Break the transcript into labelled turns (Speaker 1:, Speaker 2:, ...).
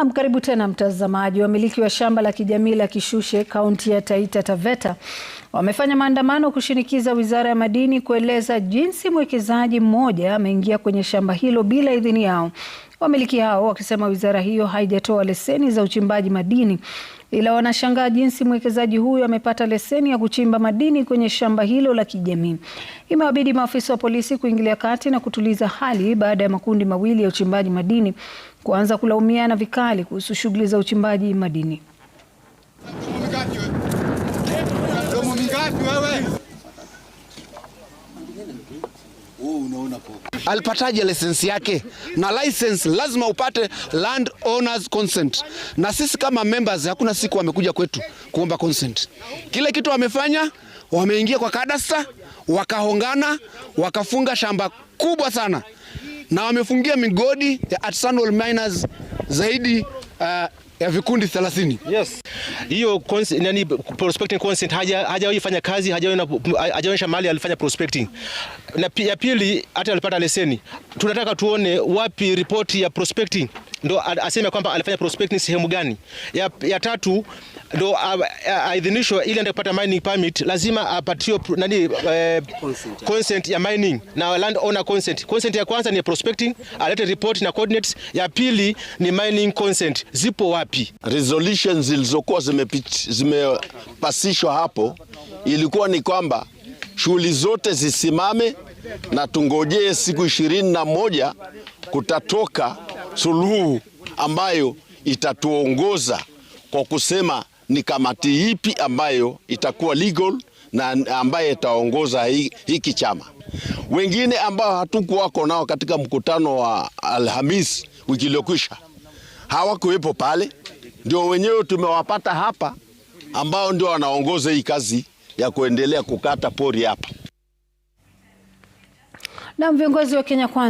Speaker 1: Naam, karibu tena mtazamaji. Wamiliki wa shamba la kijamii la Kishushe kaunti ya Taita Taveta wamefanya maandamano kushinikiza Wizara ya Madini kueleza jinsi mwekezaji mmoja ameingia kwenye shamba hilo bila idhini yao Wamiliki hao wakisema wizara hiyo haijatoa leseni za uchimbaji madini, ila wanashangaa jinsi mwekezaji huyo amepata leseni ya kuchimba madini kwenye shamba hilo la kijamii. Imewabidi maafisa wa polisi kuingilia kati na kutuliza hali baada ya makundi mawili ya uchimbaji madini kuanza kulaumiana vikali kuhusu shughuli za uchimbaji madini.
Speaker 2: Alipataje license yake? Na license lazima upate land owners consent, na sisi kama members hakuna siku wamekuja kwetu kuomba consent. Kile kitu wamefanya, wameingia kwa kadasta, wakahongana, wakafunga shamba kubwa sana, na wamefungia migodi ya artisanal miners zaidi uh, ya vikundi 30.
Speaker 3: Yes. Hiyo nani prospecting consent hajawahi fanya kazi, hajaonyesha mali alifanya prospecting. Na ya pili hata alipata leseni. Tunataka tuone wapi ripoti ya prospecting ndo aseme kwamba alifanya prospecting sehemu gani. Ya, ya tatu ndo aidhinishwe ili aende kupata mining permit, lazima apatiwe nani, eh, consent. consent ya mining na land owner consent. Consent ya kwanza ni prospecting, alete report na coordinates. Ya pili ni mining consent, zipo wapi?
Speaker 4: Resolutions zilizokuwa zimepasishwa zime hapo ilikuwa ni kwamba shughuli zote zisimame na tungojee siku ishirini na moja kutatoka suluhu ambayo itatuongoza kwa kusema ni kamati ipi ambayo itakuwa legal na ambaye itaongoza hiki chama. Wengine ambao hatukuwako nao katika mkutano wa Alhamis wiki iliyokwisha hawakuwepo pale, ndio wenyewe tumewapata hapa, ambao ndio wanaongoza hii kazi ya kuendelea kukata pori hapa na viongozi wa Kenya Kwanza.